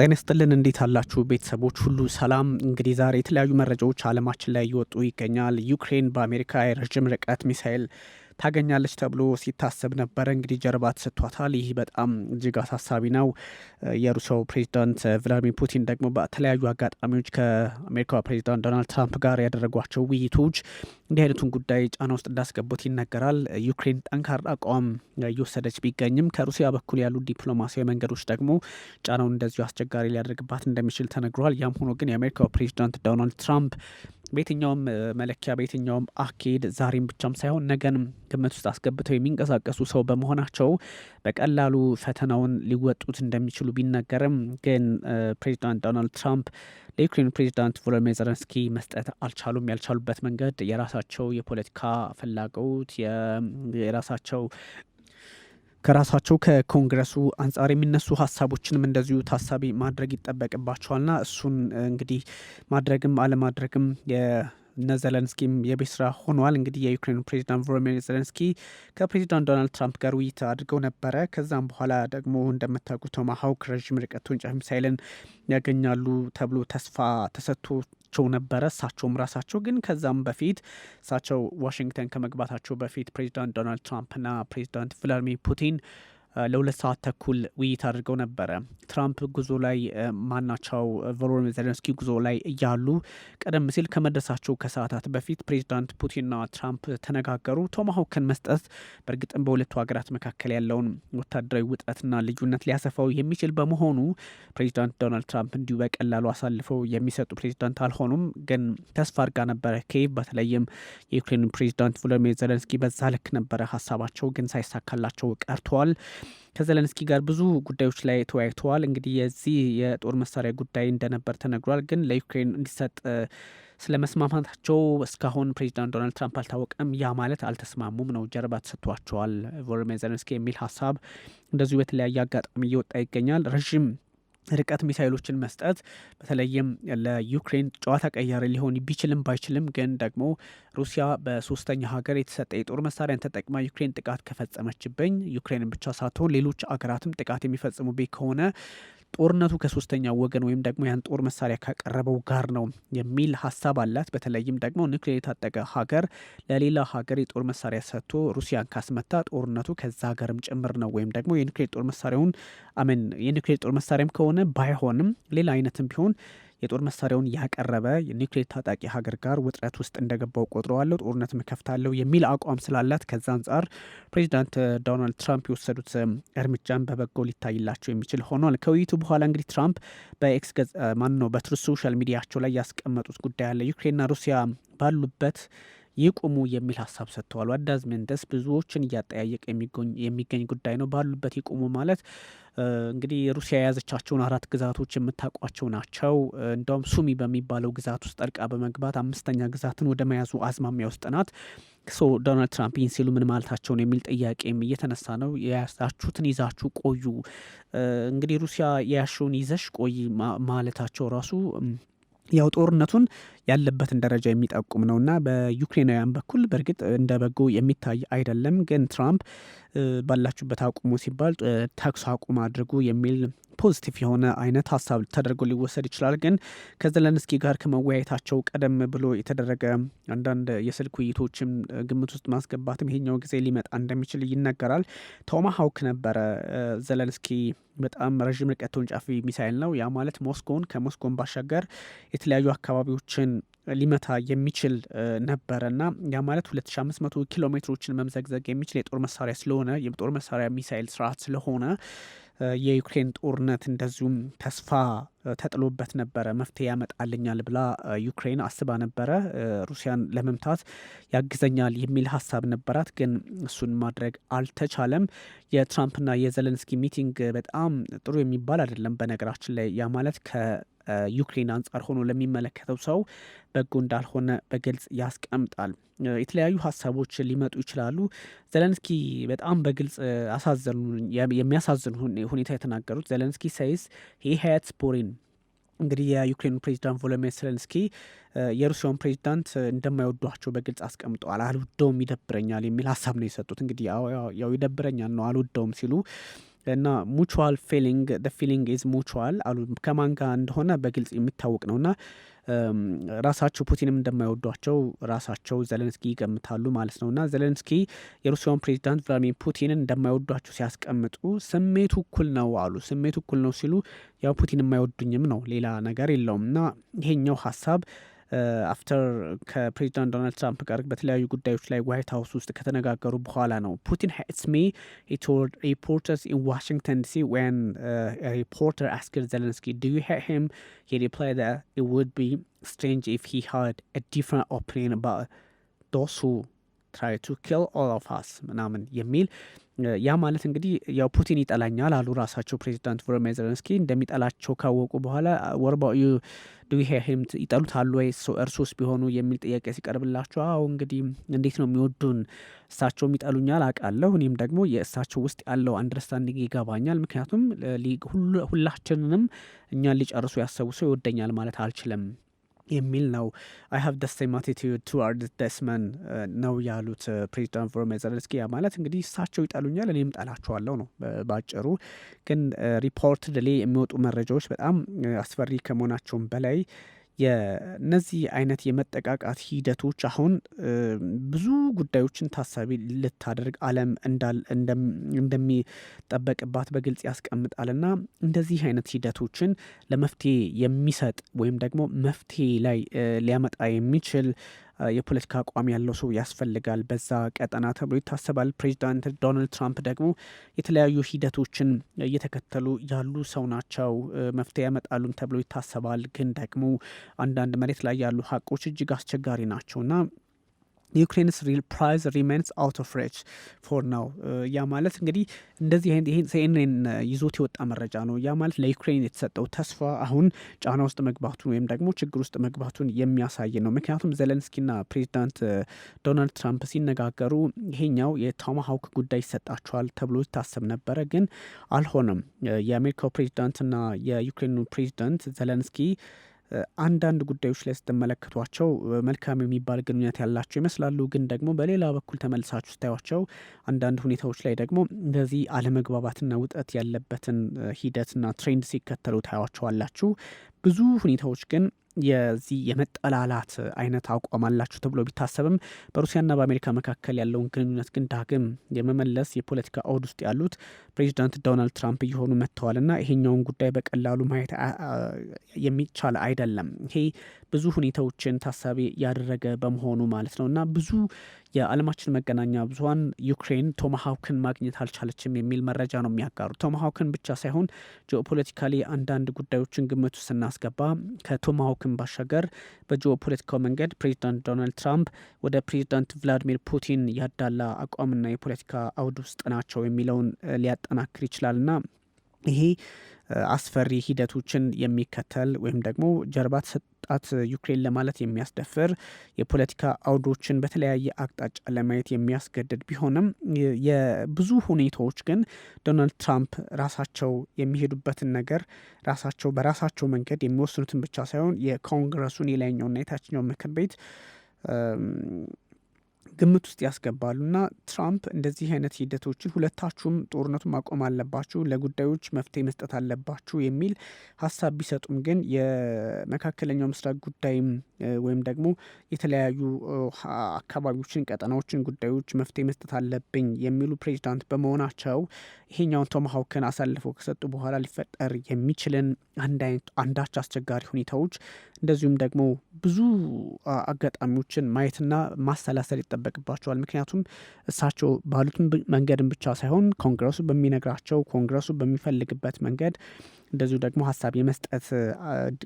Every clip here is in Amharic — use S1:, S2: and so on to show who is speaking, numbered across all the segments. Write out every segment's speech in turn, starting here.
S1: ጤና ይስጥልን እንዴት አላችሁ ቤተሰቦች ሁሉ ሰላም? እንግዲህ ዛሬ የተለያዩ መረጃዎች አለማችን ላይ እየወጡ ይገኛል። ዩክሬን በአሜሪካ የረዥም ርቀት ሚሳኤል ታገኛለች ተብሎ ሲታሰብ ነበረ። እንግዲህ ጀርባ ተሰጥቷታል። ይህ በጣም እጅግ አሳሳቢ ነው። የሩሲያው ፕሬዚዳንት ቭላዲሚር ፑቲን ደግሞ በተለያዩ አጋጣሚዎች ከአሜሪካው ፕሬዚዳንት ዶናልድ ትራምፕ ጋር ያደረጓቸው ውይይቶች እንዲህ አይነቱን ጉዳይ ጫና ውስጥ እንዳስገቡት ይነገራል። ዩክሬን ጠንካራ አቋም እየወሰደች ቢገኝም ከሩሲያ በኩል ያሉ ዲፕሎማሲያዊ መንገዶች ደግሞ ጫናውን እንደዚሁ አስቸጋሪ ሊያደርግባት እንደሚችል ተነግሯል። ያም ሆኖ ግን የአሜሪካው ፕሬዚዳንት ዶናልድ ትራምፕ በየትኛውም መለኪያ በየትኛውም አኬድ ዛሬም ብቻም ሳይሆን ነገንም ግምት ውስጥ አስገብተው የሚንቀሳቀሱ ሰው በመሆናቸው በቀላሉ ፈተናውን ሊወጡት እንደሚችሉ ቢነገርም ግን ፕሬዚዳንት ዶናልድ ትራምፕ ለዩክሬን ፕሬዚዳንት ቮሎዲሚር ዘለንስኪ መስጠት አልቻሉም። ያልቻሉበት መንገድ የራሳቸው የፖለቲካ ፍላጎት የራሳቸው ከራሳቸው ከኮንግረሱ አንጻር የሚነሱ ሀሳቦችንም እንደዚሁ ታሳቢ ማድረግ ይጠበቅባቸዋልና እሱን እንግዲህ ማድረግም አለማድረግም እነ ዘለንስኪም የቤት ስራ ሆኗል። እንግዲህ የዩክሬኑ ፕሬዚዳንት ቮሎዲሚር ዘለንስኪ ከፕሬዚዳንት ዶናልድ ትራምፕ ጋር ውይይት አድርገው ነበረ። ከዛም በኋላ ደግሞ እንደምታውቁ ቶማሃውክ ረዥም ርቀት ወንጫፍ ሚሳይልን ያገኛሉ ተብሎ ተስፋ ተሰጥቶ ተሰጥቷቸው ነበረ። እሳቸውም ራሳቸው ግን ከዛም በፊት እሳቸው ዋሽንግተን ከመግባታቸው በፊት ፕሬዚዳንት ዶናልድ ትራምፕና ፕሬዚዳንት ቭላድሚር ፑቲን ለሁለት ሰዓት ተኩል ውይይት አድርገው ነበረ። ትራምፕ ጉዞ ላይ ማናቸው ቮሎዲሚር ዘለንስኪ ጉዞ ላይ እያሉ ቀደም ሲል ከመድረሳቸው ከሰዓታት በፊት ፕሬዚዳንት ፑቲንና ትራምፕ ተነጋገሩ። ቶማሆክን መስጠት በእርግጥም በሁለቱ ሀገራት መካከል ያለውን ወታደራዊ ውጥረትና ልዩነት ሊያሰፋው የሚችል በመሆኑ ፕሬዚዳንት ዶናልድ ትራምፕ እንዲሁ በቀላሉ አሳልፈው የሚሰጡ ፕሬዚዳንት አልሆኑም። ግን ተስፋ አድርጋ ነበረ ኬቭ በተለይም የዩክሬን ፕሬዚዳንት ቮሎዲሚር ዘለንስኪ በዛ ልክ ነበረ ሀሳባቸው ግን ሳይሳካላቸው ቀርተዋል። ከዘለንስኪ ጋር ብዙ ጉዳዮች ላይ ተወያይተዋል። እንግዲህ የዚህ የጦር መሳሪያ ጉዳይ እንደነበር ተነግሯል። ግን ለዩክሬን እንዲሰጥ ስለ መስማማታቸው እስካሁን ፕሬዚዳንት ዶናልድ ትራምፕ አልታወቀም። ያ ማለት አልተስማሙም ነው፣ ጀርባ ተሰጥቷቸዋል ቮሎዲሚር ዘለንስኪ የሚል ሀሳብ እንደዚሁ በተለያየ አጋጣሚ እየወጣ ይገኛል። ረዥም ርቀት ሚሳይሎችን መስጠት በተለይም ለዩክሬን ጨዋታ ቀያሪ ሊሆን ቢችልም ባይችልም ግን ደግሞ ሩሲያ በሶስተኛ ሀገር የተሰጠ የጦር መሳሪያን ተጠቅማ ዩክሬን ጥቃት ከፈጸመችብኝ ዩክሬንን ብቻ ሳትሆን ሌሎች አገራትም ጥቃት የሚፈጽሙብኝ ከሆነ ጦርነቱ ከሶስተኛው ወገን ወይም ደግሞ ያን ጦር መሳሪያ ካቀረበው ጋር ነው የሚል ሀሳብ አላት። በተለይም ደግሞ ኒክሌር የታጠቀ ሀገር ለሌላ ሀገር የጦር መሳሪያ ሰጥቶ ሩሲያን ካስመታ ጦርነቱ ከዛ ሀገርም ጭምር ነው ወይም ደግሞ የኒክሌር ጦር መሳሪያውን አሜን የኒክሌር ጦር መሳሪያም ከሆነ ባይሆንም ሌላ አይነትም ቢሆን የጦር መሳሪያውን ያቀረበ የኒውክሌር ታጣቂ ሀገር ጋር ውጥረት ውስጥ እንደገባው ቆጥረዋለሁ፣ ጦርነት መከፍታለሁ የሚል አቋም ስላላት ከዛ አንጻር ፕሬዚዳንት ዶናልድ ትራምፕ የወሰዱት እርምጃን በበጎ ሊታይላቸው የሚችል ሆኗል። ከውይይቱ በኋላ እንግዲህ ትራምፕ በኤክስ ገጽ ማን ነው ሶሻል ሚዲያቸው ላይ ያስቀመጡት ጉዳይ አለ ዩክሬንና ሩሲያ ባሉበት ይቁሙ የሚል ሀሳብ ሰጥተዋል። ዋዳዝ ሜንደስ ብዙዎችን እያጠያየቀ የሚገኝ ጉዳይ ነው። ባሉበት ይቁሙ ማለት እንግዲህ ሩሲያ የያዘቻቸውን አራት ግዛቶች የምታውቋቸው ናቸው። እንደውም ሱሚ በሚባለው ግዛት ውስጥ ጠልቃ በመግባት አምስተኛ ግዛትን ወደ መያዙ አዝማሚያ ውስጥ ናት። ሶ ዶናልድ ትራምፕ ይህን ሲሉ ምን ማለታቸውን የሚል ጥያቄም እየተነሳ ነው። የያዛችሁትን ይዛችሁ ቆዩ፣ እንግዲህ ሩሲያ የያሽውን ይዘሽ ቆይ ማለታቸው ራሱ ያው ጦርነቱን ያለበትን ደረጃ የሚጠቁም ነውና በዩክሬናውያን በኩል በእርግጥ እንደ በጎ የሚታይ አይደለም። ግን ትራምፕ ባላችሁበት አቁሙ ሲባል ተኩስ አቁም አድርጉ የሚል ፖዚቲቭ የሆነ አይነት ሀሳብ ተደርጎ ሊወሰድ ይችላል። ግን ከዘለንስኪ ጋር ከመወያየታቸው ቀደም ብሎ የተደረገ አንዳንድ የስልክ ውይይቶችም ግምት ውስጥ ማስገባትም ይሄኛው ጊዜ ሊመጣ እንደሚችል ይነገራል። ቶማ ሀውክ ነበረ ዘለንስኪ በጣም ረዥም ርቀት ተወንጫፊ ሚሳይል ነው። ያ ማለት ሞስኮውን ከሞስኮን ባሻገር የተለያዩ አካባቢዎችን ሊመታ የሚችል ነበረና ያ ማለት 2500 ኪሎ ሜትሮችን መምዘግዘግ የሚችል የጦር መሳሪያ ስለሆነ የጦር መሳሪያ ሚሳይል ስርዓት ስለሆነ የዩክሬን ጦርነት እንደዚሁም ተስፋ ተጥሎበት ነበረ። መፍትሄ ያመጣልኛል ብላ ዩክሬን አስባ ነበረ። ሩሲያን ለመምታት ያግዘኛል የሚል ሀሳብ ነበራት፣ ግን እሱን ማድረግ አልተቻለም። የትራምፕና የዘለንስኪ ሚቲንግ በጣም ጥሩ የሚባል አይደለም። በነገራችን ላይ ያ ማለት ከዩክሬን አንጻር ሆኖ ለሚመለከተው ሰው በጎ እንዳልሆነ በግልጽ ያስቀምጣል። የተለያዩ ሀሳቦች ሊመጡ ይችላሉ። ዘለንስኪ በጣም በግልጽ አሳዘኑ የሚያሳዝን ሁኔታ የተናገሩት ዘለንስኪ ሰይስ ሂ ሃትስ እንግዲህ የዩክሬኑ ፕሬዚዳንት ቮሎሜር ሴሌንስኪ የሩሲያውን ፕሬዚዳንት እንደማይወዷቸው በግልጽ አስቀምጠዋል። አልወደውም፣ ይደብረኛል የሚል ሀሳብ ነው የሰጡት። እንግዲህ ያው ይደብረኛል ነው አልወደውም ሲሉ እና ሙቹዋል ፊሊንግ ፊሊንግ ኢዝ ሙቹዋል አሉ። ከማንጋ እንደሆነ በግልጽ የሚታወቅ ነውና ራሳቸው ፑቲንም እንደማይወዷቸው ራሳቸው ዘለንስኪ ይገምታሉ ማለት ነው እና ዘለንስኪ የሩሲያውን ፕሬዚዳንት ቭላድሚር ፑቲንን እንደማይወዷቸው ሲያስቀምጡ ስሜቱ እኩል ነው አሉ። ስሜቱ እኩል ነው ሲሉ ያው ፑቲን የማይወዱኝም ነው ሌላ ነገር የለውም እና ይሄኛው ሀሳብ አፍተር ከፕሬዚዳንት ዶናልድ ትራምፕ ጋር በተለያዩ ጉዳዮች ላይ ዋይት ሀውስ ውስጥ ከተነጋገሩ በኋላ ነው። "Putin ሄትስ me." he told reporters in Washington when uh, a reporter asked Zelensky, "Do you hate him?" He replied that it would be strange if he had a different opinion about those who ትራይ ቱ ኪል ኦል ኦፍ አስ ምናምን የሚል ያ ማለት እንግዲህ ያው ፑቲን ይጠላኛል አሉ ራሳቸው ፕሬዚዳንት ቮሎዲሚር ዘለንስኪ። እንደሚጠላቸው ካወቁ በኋላ ወርባ ዩ ዱሄህም አሉ ወይ እርሱስ ቢሆኑ የሚል ጥያቄ ሲቀርብላቸው፣ አሁ እንግዲህ እንዴት ነው የሚወዱን? እሳቸውም ይጠሉኛል አውቃለሁ፣ እኔም ደግሞ የእሳቸው ውስጥ ያለው አንደርስታንዲንግ ይገባኛል። ምክንያቱም ሁላችንንም እኛን ሊጨርሱ ያሰቡ ሰው ይወደኛል ማለት አልችልም የሚል ነው። አይ ሃቭ ደ ሴም አቲቲዩድ ቱዋርድ ደስመን ነው ያሉት ፕሬዚዳንት ቮሎድሚር ዘለንስኪ። ያ ማለት እንግዲህ እሳቸው ይጠሉኛል እኔም ጠላቸዋለሁ ነው ባጭሩ። ግን ሪፖርት uh, ድሌ የሚወጡ መረጃዎች በጣም uh, አስፈሪ ከመሆናቸውም በላይ የእነዚህ አይነት የመጠቃቃት ሂደቶች አሁን ብዙ ጉዳዮችን ታሳቢ ልታደርግ አለም እንደሚጠበቅባት በግልጽ ያስቀምጣል ና እንደዚህ አይነት ሂደቶችን ለመፍትሄ የሚሰጥ ወይም ደግሞ መፍትሄ ላይ ሊያመጣ የሚችል የፖለቲካ አቋም ያለው ሰው ያስፈልጋል በዛ ቀጠና ተብሎ ይታሰባል። ፕሬዚዳንት ዶናልድ ትራምፕ ደግሞ የተለያዩ ሂደቶችን እየተከተሉ ያሉ ሰው ናቸው። መፍትሄ ያመጣሉም ተብሎ ይታሰባል። ግን ደግሞ አንዳንድ መሬት ላይ ያሉ ሀቆች እጅግ አስቸጋሪ ናቸውና ዩክሬንስ ፕራይዝ ሪሜንስ አውት ኦፍ ሬች ፎር ናው። ያ ማለት እንግዲህ እንደዚህ ሲኤንኤን ይዞት የወጣ መረጃ ነው። ያ ማለት ለዩክሬን የተሰጠው ተስፋ አሁን ጫና ውስጥ መግባቱን ወይም ደግሞ ችግር ውስጥ መግባቱን የሚያሳይ ነው። ምክንያቱም ዘለንስኪና ፕሬዚዳንት ዶናልድ ትራምፕ ሲነጋገሩ ይሄኛው የቶማሃውክ ጉዳይ ይሰጣቸዋል ተብሎ ይታሰብ ነበረ፣ ግን አልሆነም። የአሜሪካው ፕሬዚዳንትና የዩክሬኑ ፕሬዚዳንት ዘለንስኪ አንዳንድ ጉዳዮች ላይ ስትመለከቷቸው መልካም የሚባል ግንኙነት ያላቸው ይመስላሉ። ግን ደግሞ በሌላ በኩል ተመልሳችሁ ስታያቸው አንዳንድ ሁኔታዎች ላይ ደግሞ እንደዚህ አለመግባባትና ውጠት ያለበትን ሂደትና ትሬንድ ሲከተሉ ታያቸዋላችሁ። ብዙ ሁኔታዎች ግን የዚህ የመጠላላት አይነት አቋም አላችሁ ተብሎ ቢታሰብም በሩሲያና በአሜሪካ መካከል ያለውን ግንኙነት ግን ዳግም የመመለስ የፖለቲካ አውድ ውስጥ ያሉት ፕሬዚዳንት ዶናልድ ትራምፕ እየሆኑ ና ይሄኛውን ጉዳይ በቀላሉ ማየት የሚቻል አይደለም። ይሄ ብዙ ሁኔታዎችን ታሳቢ ያደረገ በመሆኑ ማለት ነው እና ብዙ የዓለማችን መገናኛ ብዙሀን ዩክሬን ቶማሃውክን ማግኘት አልቻለችም የሚል መረጃ ነው የሚያጋሩ። ቶማሃውክን ብቻ ሳይሆን ጂኦፖለቲካሊ አንዳንድ ጉዳዮችን ግምቱ ስናስገባ ከቶማሃውክ ከመላክም ባሻገር በጂኦ ፖለቲካው መንገድ ፕሬዚዳንት ዶናልድ ትራምፕ ወደ ፕሬዚዳንት ቭላዲሚር ፑቲን ያዳላ አቋምና የፖለቲካ አውድ ውስጥ ናቸው የሚለውን ሊያጠናክር ይችላልና ይሄ አስፈሪ ሂደቶችን የሚከተል ወይም ደግሞ ጀርባ ተሰጣት ዩክሬን ለማለት የሚያስደፍር የፖለቲካ አውዶችን በተለያየ አቅጣጫ ለማየት የሚያስገድድ ቢሆንም የብዙ ሁኔታዎች ግን ዶናልድ ትራምፕ ራሳቸው የሚሄዱበትን ነገር ራሳቸው በራሳቸው መንገድ የሚወስኑትን ብቻ ሳይሆን የኮንግረሱን የላይኛውና የታችኛው ምክር ቤት ግምት ውስጥ ያስገባሉ እና ትራምፕ እንደዚህ አይነት ሂደቶችን ሁለታችሁም ጦርነቱን ማቆም አለባችሁ፣ ለጉዳዮች መፍትሄ መስጠት አለባችሁ የሚል ሀሳብ ቢሰጡም ግን የመካከለኛው ምስራቅ ጉዳይም ወይም ደግሞ የተለያዩ አካባቢዎችን፣ ቀጠናዎችን ጉዳዮች መፍትሄ መስጠት አለብኝ የሚሉ ፕሬዚዳንት በመሆናቸው ይሄኛውን ቶማሃውክን አሳልፈው ከሰጡ በኋላ ሊፈጠር የሚችልን አንዳች አስቸጋሪ ሁኔታዎች እንደዚሁም ደግሞ ብዙ አጋጣሚዎችን ማየትና ማሰላሰል ይጠበ ይጠበቅባቸዋል። ምክንያቱም እሳቸው ባሉትን መንገድን ብቻ ሳይሆን ኮንግረሱ በሚነግራቸው ኮንግረሱ በሚፈልግበት መንገድ እንደዚሁ ደግሞ ሀሳብ የመስጠት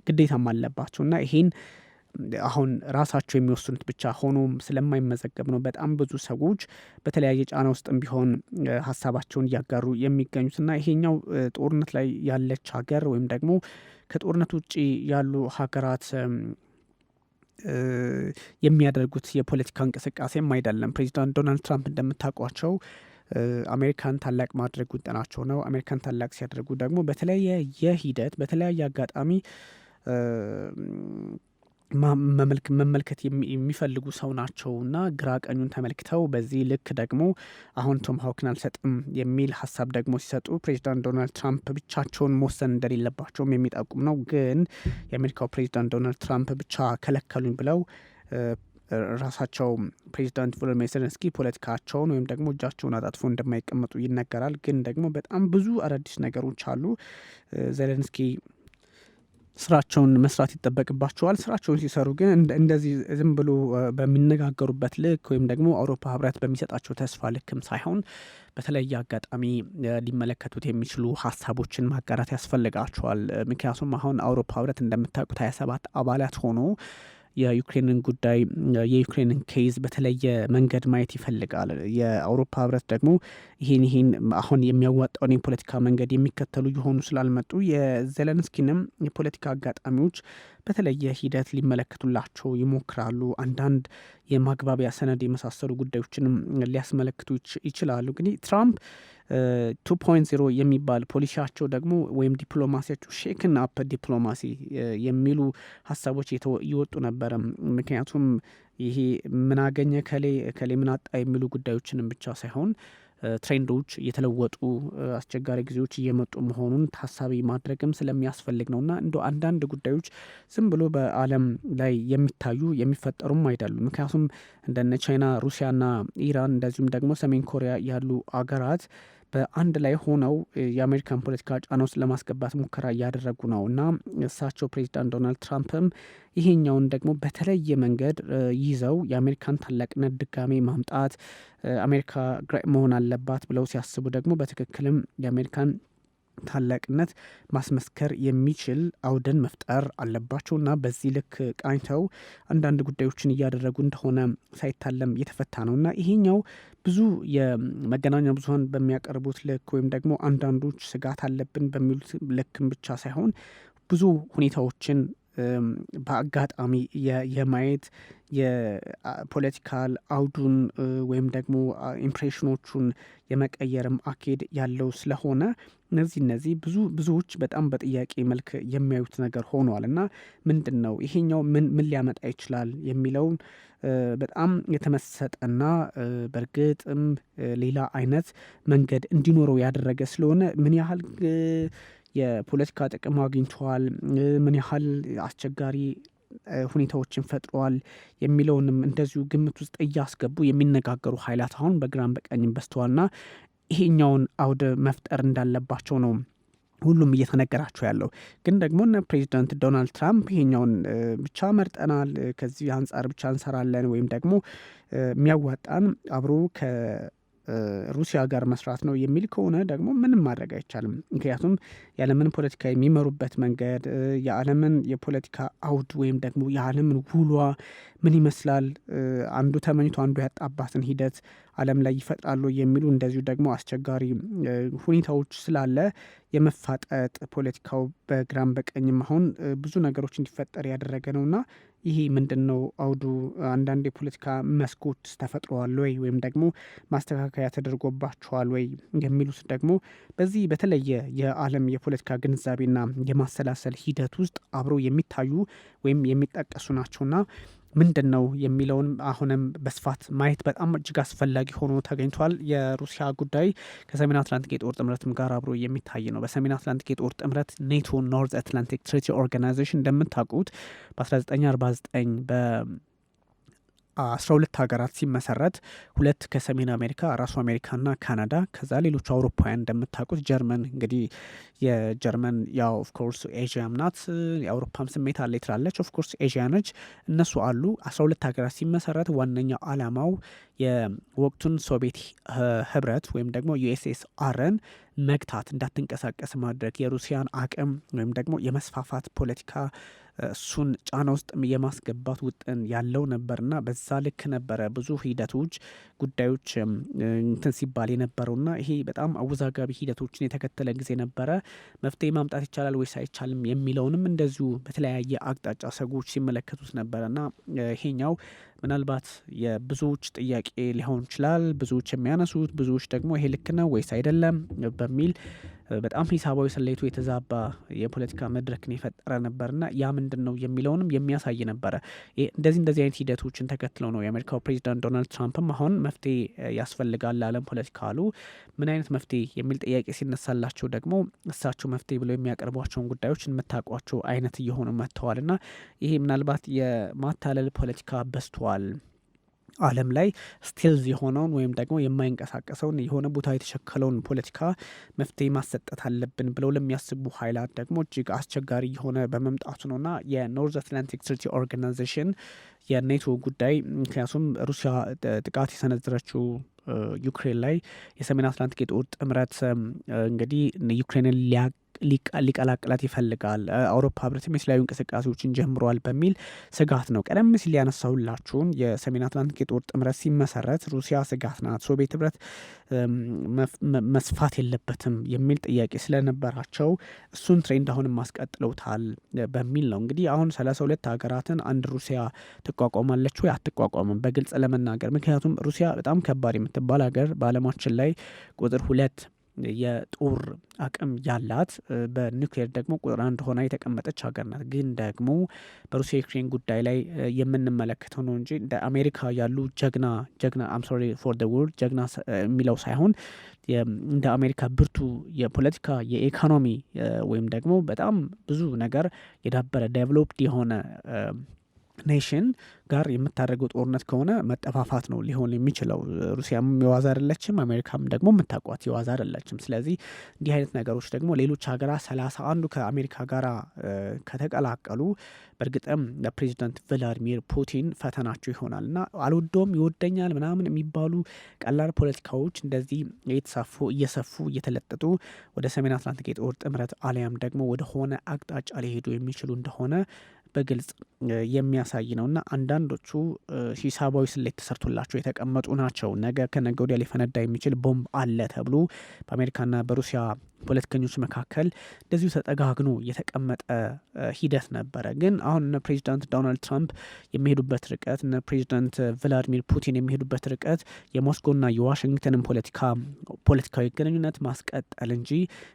S1: ግዴታም አለባቸው እና ይሄን አሁን ራሳቸው የሚወስኑት ብቻ ሆኖ ስለማይመዘገብ ነው በጣም ብዙ ሰዎች በተለያየ ጫና ውስጥም ቢሆን ሀሳባቸውን እያጋሩ የሚገኙት እና ይሄኛው ጦርነት ላይ ያለች ሀገር ወይም ደግሞ ከጦርነት ውጭ ያሉ ሀገራት የሚያደርጉት የፖለቲካ እንቅስቃሴም አይደለም። ፕሬዚዳንት ዶናልድ ትራምፕ እንደምታውቋቸው አሜሪካን ታላቅ ማድረግ ውጥናቸው ነው። አሜሪካን ታላቅ ሲያደርጉ ደግሞ በተለያየ የሂደት በተለያየ አጋጣሚ መመልከት የሚፈልጉ ሰው ናቸው እና ግራ ቀኙን ተመልክተው በዚህ ልክ ደግሞ አሁን ቶም ሀውክን አልሰጥም የሚል ሀሳብ ደግሞ ሲሰጡ ፕሬዚዳንት ዶናልድ ትራምፕ ብቻቸውን መወሰን እንደሌለባቸውም የሚጠቁም ነው። ግን የአሜሪካው ፕሬዚዳንት ዶናልድ ትራምፕ ብቻ ከለከሉኝ ብለው ራሳቸው ፕሬዚዳንት ቮሎድሚር ዘለንስኪ ፖለቲካቸውን ወይም ደግሞ እጃቸውን አጣጥፎ እንደማይቀመጡ ይነገራል። ግን ደግሞ በጣም ብዙ አዳዲስ ነገሮች አሉ ዘለንስኪ። ስራቸውን መስራት ይጠበቅባቸዋል። ስራቸውን ሲሰሩ ግን እንደዚህ ዝም ብሎ በሚነጋገሩበት ልክ ወይም ደግሞ አውሮፓ ህብረት በሚሰጣቸው ተስፋ ልክም ሳይሆን በተለየ አጋጣሚ ሊመለከቱት የሚችሉ ሀሳቦችን ማጋራት ያስፈልጋቸዋል። ምክንያቱም አሁን አውሮፓ ህብረት እንደምታውቁት 27 አባላት ሆኖ የዩክሬንን ጉዳይ የዩክሬንን ኬዝ በተለየ መንገድ ማየት ይፈልጋል። የአውሮፓ ህብረት ደግሞ ይህን ይህን አሁን የሚያዋጣውን የፖለቲካ መንገድ የሚከተሉ የሆኑ ስላልመጡ የዘለንስኪንም የፖለቲካ አጋጣሚዎች በተለየ ሂደት ሊመለከቱላቸው ይሞክራሉ። አንዳንድ የማግባቢያ ሰነድ የመሳሰሉ ጉዳዮችንም ሊያስመለክቱ ይችላሉ። እንግዲህ ትራምፕ ቱ ፖይንት ዜሮ የሚባል ፖሊሻቸው ደግሞ ወይም ዲፕሎማሲያቸው ሼክን አፕ ዲፕሎማሲ የሚሉ ሀሳቦች እየወጡ ነበረ። ምክንያቱም ይሄ ምናገኘ ከሌ ከሌ ምናጣ የሚሉ ጉዳዮችንም ብቻ ሳይሆን ትሬንዶች እየተለወጡ አስቸጋሪ ጊዜዎች እየመጡ መሆኑን ታሳቢ ማድረግም ስለሚያስፈልግ ነው እና እንደ አንዳንድ ጉዳዮች ዝም ብሎ በአለም ላይ የሚታዩ የሚፈጠሩም አይደሉ። ምክንያቱም እንደነ ቻይና፣ ሩሲያና ኢራን እንደዚሁም ደግሞ ሰሜን ኮሪያ ያሉ አገራት በአንድ ላይ ሆነው የአሜሪካን ፖለቲካ ጫና ውስጥ ለማስገባት ሙከራ እያደረጉ ነው እና እሳቸው ፕሬዚዳንት ዶናልድ ትራምፕም ይሄኛውን ደግሞ በተለየ መንገድ ይዘው የአሜሪካን ታላቅነት ድጋሜ ማምጣት አሜሪካ መሆን አለባት ብለው ሲያስቡ ደግሞ በትክክልም የአሜሪካን ታላቅነት ማስመስከር የሚችል አውደን መፍጠር አለባቸውና በዚህ ልክ ቃኝተው አንዳንድ ጉዳዮችን እያደረጉ እንደሆነ ሳይታለም የተፈታ እና ይሄኛው ብዙ የመገናኛ ብዙሀን በሚያቀርቡት ልክ ወይም ደግሞ አንዳንዶች ስጋት አለብን በሚሉት ልክም ብቻ ሳይሆን ብዙ ሁኔታዎችን በአጋጣሚ የማየት የፖለቲካል አውዱን ወይም ደግሞ ኢምፕሬሽኖቹን የመቀየርም አኬድ ያለው ስለሆነ እነዚህ እነዚህ ብዙ ብዙዎች በጣም በጥያቄ መልክ የሚያዩት ነገር ሆኗል እና ምንድን ነው ይሄኛው ምን ምን ሊያመጣ ይችላል የሚለውን በጣም የተመሰጠና በእርግጥም ሌላ አይነት መንገድ እንዲኖረው ያደረገ ስለሆነ ምን ያህል የፖለቲካ ጥቅም አግኝተዋል፣ ምን ያህል አስቸጋሪ ሁኔታዎችን ፈጥረዋል የሚለውንም እንደዚሁ ግምት ውስጥ እያስገቡ የሚነጋገሩ ኃይላት አሁን በግራም በቀኝም በስተዋልና ይሄኛውን አውድ መፍጠር እንዳለባቸው ነው ሁሉም እየተነገራቸው ያለው ግን ደግሞ እነ ፕሬዚዳንት ዶናልድ ትራምፕ ይሄኛውን ብቻ መርጠናል፣ ከዚህ አንጻር ብቻ እንሰራለን ወይም ደግሞ የሚያዋጣን አብሮ ሩሲያ ጋር መስራት ነው የሚል ከሆነ ደግሞ ምንም ማድረግ አይቻልም። ምክንያቱም የዓለምን ፖለቲካ የሚመሩበት መንገድ የዓለምን የፖለቲካ አውድ ወይም ደግሞ የዓለምን ውሏ ምን ይመስላል፣ አንዱ ተመኝቶ አንዱ ያጣባትን ሂደት አለም ላይ ይፈጥራሉ የሚሉ እንደዚሁ ደግሞ አስቸጋሪ ሁኔታዎች ስላለ የመፋጠጥ ፖለቲካው በግራም በቀኝም አሁን ብዙ ነገሮች እንዲፈጠር ያደረገ ነውና ይሄ ምንድን ነው አውዱ? አንዳንድ የፖለቲካ መስኮች ተፈጥረዋል ወይ ወይም ደግሞ ማስተካከያ ተደርጎባቸዋል ወይ የሚሉት ደግሞ በዚህ በተለየ የዓለም የፖለቲካ ግንዛቤና የማሰላሰል ሂደት ውስጥ አብረው የሚታዩ ወይም የሚጠቀሱ ናቸውና ምንድን ነው የሚለውን አሁንም በስፋት ማየት በጣም እጅግ አስፈላጊ ሆኖ ተገኝቷል። የሩሲያ ጉዳይ ከሰሜን አትላንቲክ የጦር ጥምረትም ጋር አብሮ የሚታይ ነው። በሰሜን አትላንቲክ የጦር ጥምረት ኔቶ ኖርዝ አትላንቲክ ትሪቲ ኦርጋናይዜሽን እንደምታውቁት በ1949 አስራ ሁለት ሀገራት ሲመሰረት ሁለት ከሰሜን አሜሪካ ራሱ አሜሪካና ካናዳ ከዛ ሌሎቹ አውሮፓውያን እንደምታውቁት ጀርመን እንግዲህ የጀርመን ያው ኦፍኮርስ ኤዥያም ናት የአውሮፓም ስሜት አለ ትላለች ኦፍኮርስ ኤዥያ ነች እነሱ አሉ አስራ ሁለት ሀገራት ሲመሰረት ዋነኛው አላማው የወቅቱን ሶቪየት ህብረት ወይም ደግሞ ዩኤስኤስአርን መግታት እንዳትንቀሳቀስ ማድረግ የሩሲያን አቅም ወይም ደግሞ የመስፋፋት ፖለቲካ እሱን ጫና ውስጥ የማስገባት ውጥን ያለው ነበርና በዛ ልክ ነበረ ብዙ ሂደቶች ጉዳዮች እንትን ሲባል የነበረውና ይሄ በጣም አወዛጋቢ ሂደቶችን የተከተለ ጊዜ ነበረ። መፍትሄ ማምጣት ይቻላል ወይስ አይቻልም የሚለውንም እንደዚሁ በተለያየ አቅጣጫ ሰዎች ሲመለከቱት ነበረና ይሄኛው ምናልባት የብዙዎች ጥያቄ ሊሆን ይችላል። ብዙዎች የሚያነሱት ብዙዎች ደግሞ ይሄ ልክ ነው ወይስ አይደለም በሚል በጣም ሂሳባዊ ስሌቱ የተዛባ የፖለቲካ መድረክን የፈጠረ ነበርና ያ ምንድን ነው የሚለውንም የሚያሳይ ነበረ። እንደዚህ እንደዚህ አይነት ሂደቶችን ተከትለው ነው የአሜሪካው ፕሬዚዳንት ዶናልድ ትራምፕም አሁን መፍትሄ ያስፈልጋል ለአለም ፖለቲካ አሉ። ምን አይነት መፍትሄ የሚል ጥያቄ ሲነሳላቸው ደግሞ እሳቸው መፍትሄ ብለው የሚያቀርቧቸውን ጉዳዮች የምታውቋቸው አይነት እየሆኑ መጥተዋል ና ይሄ ምናልባት የማታለል ፖለቲካ በዝቷል ዓለም ላይ ስቲልዝ የሆነውን ወይም ደግሞ የማይንቀሳቀሰውን የሆነ ቦታ የተሸከለውን ፖለቲካ መፍትሄ ማሰጠት አለብን ብለው ለሚያስቡ ኃይላት ደግሞ እጅግ አስቸጋሪ የሆነ በመምጣቱ ና የኖርዝ አትላንቲክ ትሪቲ ኦርጋናይዜሽን የኔቶ ጉዳይ ምክንያቱም ሩሲያ ጥቃት የሰነዘረችው ዩክሬን ላይ የሰሜን አትላንቲክ የጦር ጥምረት እንግዲህ ዩክሬንን ሊያ ሊቀላቅላት ይፈልጋል፣ አውሮፓ ህብረትም የተለያዩ እንቅስቃሴዎችን ጀምሯል በሚል ስጋት ነው። ቀደም ሲል ያነሳሁላችሁን የሰሜን አትላንቲክ የጦር ጥምረት ሲመሰረት ሩሲያ ስጋት ናት፣ ሶቤት ህብረት መስፋት የለበትም የሚል ጥያቄ ስለነበራቸው እሱን ትሬንድ አሁን ማስቀጥለውታል በሚል ነው። እንግዲህ አሁን ሰላሳ ሁለት ሀገራትን አንድ ሩሲያ ትቋቋማለች ወይ አትቋቋምም በግልጽ ለመናገር ምክንያቱም ሩሲያ በጣም ከባድ የምትባል ሀገር በአለማችን ላይ ቁጥር ሁለት የጦር አቅም ያላት በኒክሌር ደግሞ ቁጥር አንድ ሆና የተቀመጠች ሀገር ናት። ግን ደግሞ በሩሲያ ዩክሬን ጉዳይ ላይ የምንመለከተው ነው እንጂ እንደ አሜሪካ ያሉ ጀግና ጀግና አም ሶሪ ፎር ደ ወርልድ ጀግና የሚለው ሳይሆን እንደ አሜሪካ ብርቱ የፖለቲካ የኢኮኖሚ ወይም ደግሞ በጣም ብዙ ነገር የዳበረ ዴቨሎፕድ የሆነ ኔሽን ጋር የምታደርገው ጦርነት ከሆነ መጠፋፋት ነው ሊሆን የሚችለው። ሩሲያም የዋዛ አደለችም አሜሪካም ደግሞ የምታቋት የዋዛ አደለችም ስለዚህ እንዲህ አይነት ነገሮች ደግሞ ሌሎች ሀገራት ሰላሳ አንዱ ከአሜሪካ ጋር ከተቀላቀሉ በእርግጥም ለፕሬዚዳንት ቭላዲሚር ፑቲን ፈተናቸው ይሆናል እና አልወደውም ይወደኛል ምናምን የሚባሉ ቀላል ፖለቲካዎች እንደዚህ የተሳፉ እየሰፉ እየተለጠጡ ወደ ሰሜን አትላንቲክ የጦር ጥምረት አሊያም ደግሞ ወደሆነ አቅጣጫ ሊሄዱ የሚችሉ እንደሆነ በግልጽ የሚያሳይ ነው እና አንዳንዶቹ ሂሳባዊ ስሌት ተሰርቶላቸው የተቀመጡ ናቸው። ነገ ከነገ ወዲያ ሊፈነዳ የሚችል ቦምብ አለ ተብሎ በአሜሪካና በሩሲያ ፖለቲከኞች መካከል እንደዚሁ ተጠጋግኖ የተቀመጠ ሂደት ነበረ። ግን አሁን እነ ፕሬዚዳንት ዶናልድ ትራምፕ የሚሄዱበት ርቀት፣ እነ ፕሬዚዳንት ቭላዲሚር ፑቲን የሚሄዱበት ርቀት የሞስኮና የዋሽንግተንን ፖለቲካ ፖለቲካዊ ግንኙነት ማስቀጠል እንጂ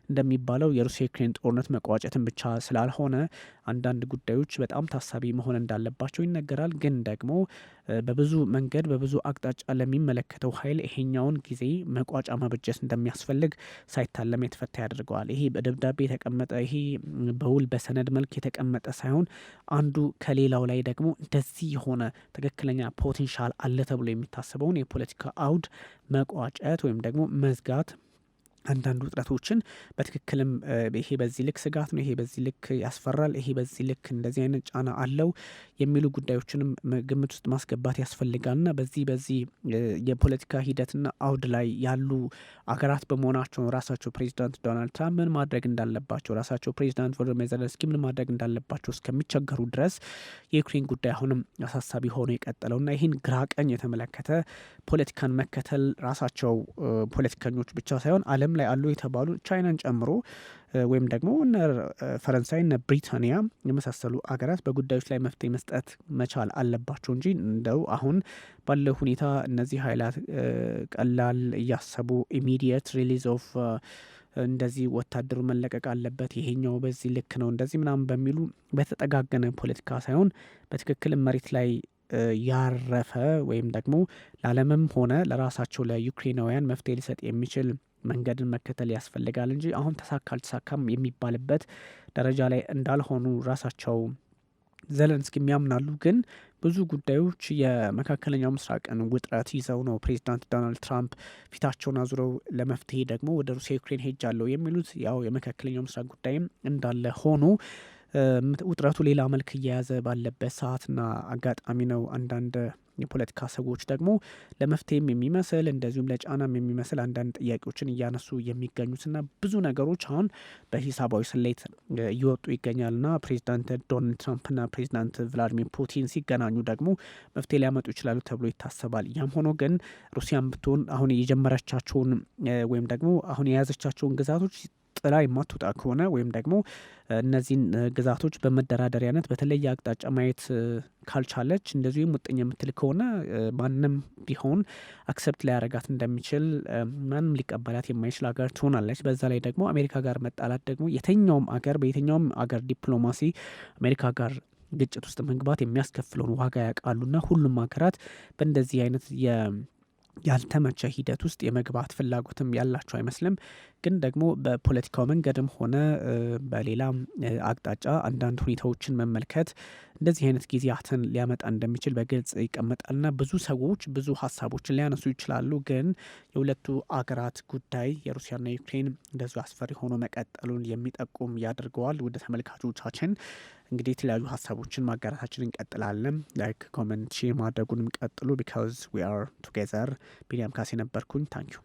S1: እንደሚባለው የሩሲያ ዩክሬን ጦርነት መቋጨትን ብቻ ስላልሆነ አንዳንድ ጉዳዮች በጣም ታሳቢ መሆን እንዳለባቸው ይነገራል። ግን ደግሞ በብዙ መንገድ በብዙ አቅጣጫ ለሚመለከተው ኃይል ይሄኛውን ጊዜ መቋጫ ማበጀት እንደሚያስፈልግ ሳይታለም የተፈታ ያደርገዋል። ይሄ በደብዳቤ የተቀመጠ ይሄ በውል በሰነድ መልክ የተቀመጠ ሳይሆን አንዱ ከሌላው ላይ ደግሞ እንደዚህ የሆነ ትክክለኛ ፖቴንሻል አለ ተብሎ የሚታሰበውን የፖለቲካ አውድ መቋጨት ወይም ደግሞ መዝጋት አንዳንድ ውጥረቶችን በትክክልም ይሄ በዚህ ልክ ስጋት ነው፣ ይሄ በዚህ ልክ ያስፈራል፣ ይሄ በዚህ ልክ እንደዚህ አይነት ጫና አለው የሚሉ ጉዳዮችንም ግምት ውስጥ ማስገባት ያስፈልጋል እና በዚህ በዚህ የፖለቲካ ሂደትና አውድ ላይ ያሉ አገራት በመሆናቸው ራሳቸው ፕሬዚዳንት ዶናልድ ትራምፕ ምን ማድረግ እንዳለባቸው፣ ራሳቸው ፕሬዚዳንት ቮሎዲሚር ዘለንስኪ ምን ማድረግ እንዳለባቸው እስከሚቸገሩ ድረስ የዩክሬን ጉዳይ አሁንም አሳሳቢ ሆኖ የቀጠለው እና ይህን ግራቀኝ የተመለከተ ፖለቲካን መከተል ራሳቸው ፖለቲከኞች ብቻ ሳይሆን አለም ዓለም ላይ አሉ የተባሉ ቻይናን ጨምሮ ወይም ደግሞ እነ ፈረንሳይ እነ ብሪታንያ የመሳሰሉ አገራት በጉዳዮች ላይ መፍትሄ መስጠት መቻል አለባቸው እንጂ እንደው አሁን ባለው ሁኔታ እነዚህ ኃይላት ቀላል እያሰቡ ኢሚዲየት ሪሊዝ ኦፍ እንደዚህ ወታደሩ መለቀቅ አለበት፣ ይሄኛው በዚህ ልክ ነው እንደዚህ ምናምን በሚሉ በተጠጋገነ ፖለቲካ ሳይሆን በትክክል መሬት ላይ ያረፈ ወይም ደግሞ ለዓለምም ሆነ ለራሳቸው ለዩክሬናውያን መፍትሄ ሊሰጥ የሚችል መንገድን መከተል ያስፈልጋል እንጂ አሁን ተሳካ አልተሳካም የሚባልበት ደረጃ ላይ እንዳልሆኑ ራሳቸው ዘለንስኪ የሚያምናሉ። ግን ብዙ ጉዳዮች የመካከለኛው ምስራቅን ውጥረት ይዘው ነው ፕሬዚዳንት ዶናልድ ትራምፕ ፊታቸውን አዙረው ለመፍትሄ ደግሞ ወደ ሩሲያ ዩክሬን ሄጃለሁ የሚሉት። ያው የመካከለኛው ምስራቅ ጉዳይም እንዳለ ሆኖ ውጥረቱ ሌላ መልክ እየያዘ ባለበት ሰዓትና አጋጣሚ ነው። አንዳንድ የፖለቲካ ሰዎች ደግሞ ለመፍትሄም የሚመስል እንደዚሁም ለጫናም የሚመስል አንዳንድ ጥያቄዎችን እያነሱ የሚገኙትና ብዙ ነገሮች አሁን በሂሳባዊ ስሌት እየወጡ ና ፕሬዚዳንት ዶናልድ ትራምፕና ፕሬዚዳንት ቭላዲሚር ፑቲን ሲገናኙ ደግሞ መፍትሄ ሊያመጡ ይችላሉ ተብሎ ይታሰባል። ያም ሆኖ ግን ሩሲያን ብትሆን አሁን የጀመረቻቸውን ወይም ደግሞ አሁን የያዘቻቸውን ግዛቶች ጥላ የማትወጣ ከሆነ ወይም ደግሞ እነዚህን ግዛቶች በመደራደሪያነት በተለየ አቅጣጫ ማየት ካልቻለች እንደዚሁም ውጥኝ የምትል ከሆነ ማንም ቢሆን አክሰፕት ሊያረጋት እንደሚችል ማንም ሊቀበላት የማይችል ሀገር ትሆናለች። በዛ ላይ ደግሞ አሜሪካ ጋር መጣላት ደግሞ የተኛውም አገር በየተኛውም አገር ዲፕሎማሲ አሜሪካ ጋር ግጭት ውስጥ መግባት የሚያስከፍለውን ዋጋ ያውቃሉና ሁሉም ሀገራት በእንደዚህ አይነት የ ያልተመቸ ሂደት ውስጥ የመግባት ፍላጎትም ያላቸው አይመስልም። ግን ደግሞ በፖለቲካው መንገድም ሆነ በሌላ አቅጣጫ አንዳንድ ሁኔታዎችን መመልከት እንደዚህ አይነት ጊዜያትን ሊያመጣ እንደሚችል በግልጽ ይቀመጣልና ብዙ ሰዎች ብዙ ሀሳቦችን ሊያነሱ ይችላሉ። ግን የሁለቱ አገራት ጉዳይ የሩሲያና ዩክሬን እንደዚ አስፈሪ ሆኖ መቀጠሉን የሚጠቁም ያደርገዋል። ውድ ተመልካቾቻችን እንግዲህ የተለያዩ ሀሳቦችን ማጋራታችን እንቀጥላለን። ላይክ ኮመንት፣ ሼር ማድረጉንም ቀጥሉ። ቢካዝ ዊ አር ቱጌዘር። ቢኒያም ካሴ ነበርኩኝ። ታንኪዩ